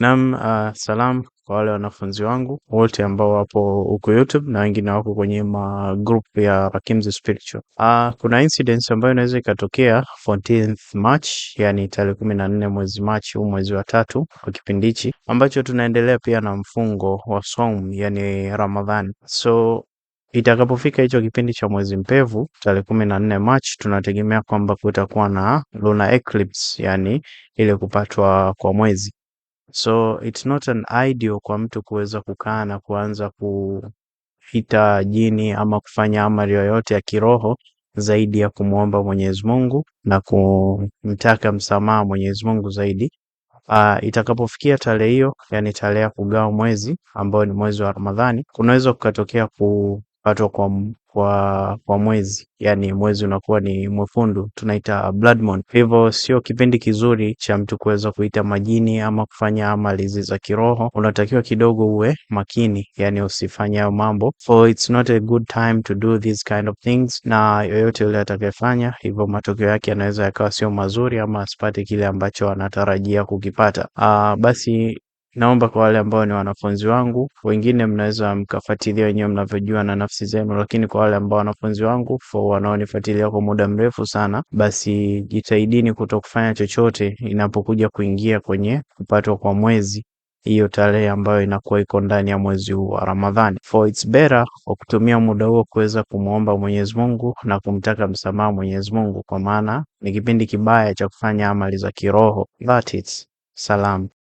Naam, uh, salam kwa wale wanafunzi wangu wote ambao wapo huko YouTube na wengine wako kwenye ma group ya Rakims Spiritual. Uh, kuna incidents ambayo inaweza ikatokea 14th March, yani tarehe kumi na nne mwezi Machi, au mwezi wa tatu kwa kipindi hichi ambacho tunaendelea pia na mfungo wa saum, yani Ramadhani. So itakapofika hicho kipindi cha mwezi mpevu tarehe kumi na nne tunategemea kwamba kutakuwa na lunar eclipse, yani ile kupatwa kwa mwezi So it's not an ideal kwa mtu kuweza kukaa na kuanza kuita jini ama kufanya amali yoyote ya kiroho zaidi ya kumwomba Mwenyezi Mungu na kumtaka msamaha Mwenyezi Mungu zaidi. Uh, itakapofikia tarehe hiyo, yani tarehe ya kugawa mwezi ambao ni mwezi wa Ramadhani, kunaweza kukatokea ku kupatwa kwa, kwa, kwa mwezi, yani mwezi unakuwa ni mwekundu, tunaita blood moon. Hivyo sio kipindi kizuri cha mtu kuweza kuita majini ama kufanya amali hizi za kiroho. Unatakiwa kidogo uwe makini, yani usifanye hayo mambo, so it's not a good time to do these kind of things. Na yoyote yule atakayefanya hivyo, matokeo yake yanaweza yakawa sio mazuri, ama asipate kile ambacho anatarajia kukipata. Uh, basi Naomba kwa wale ambao ni wanafunzi wangu, wengine mnaweza mkafuatilia wenyewe mnavyojua na nafsi zenu, lakini kwa wale ambao wanafunzi wangu wanaonifuatilia kwa muda mrefu sana, basi jitahidini kuto kufanya chochote inapokuja kuingia kwenye kupatwa kwa mwezi, hiyo tarehe ambayo inakuwa iko ndani ya mwezi huu wa Ramadhani. For it's better kwa kutumia muda huo kuweza kumwomba Mwenyezi Mungu na kumtaka msamaha Mwenyezi Mungu, kwa maana ni kipindi kibaya cha kufanya amali za kiroho. That it's salam.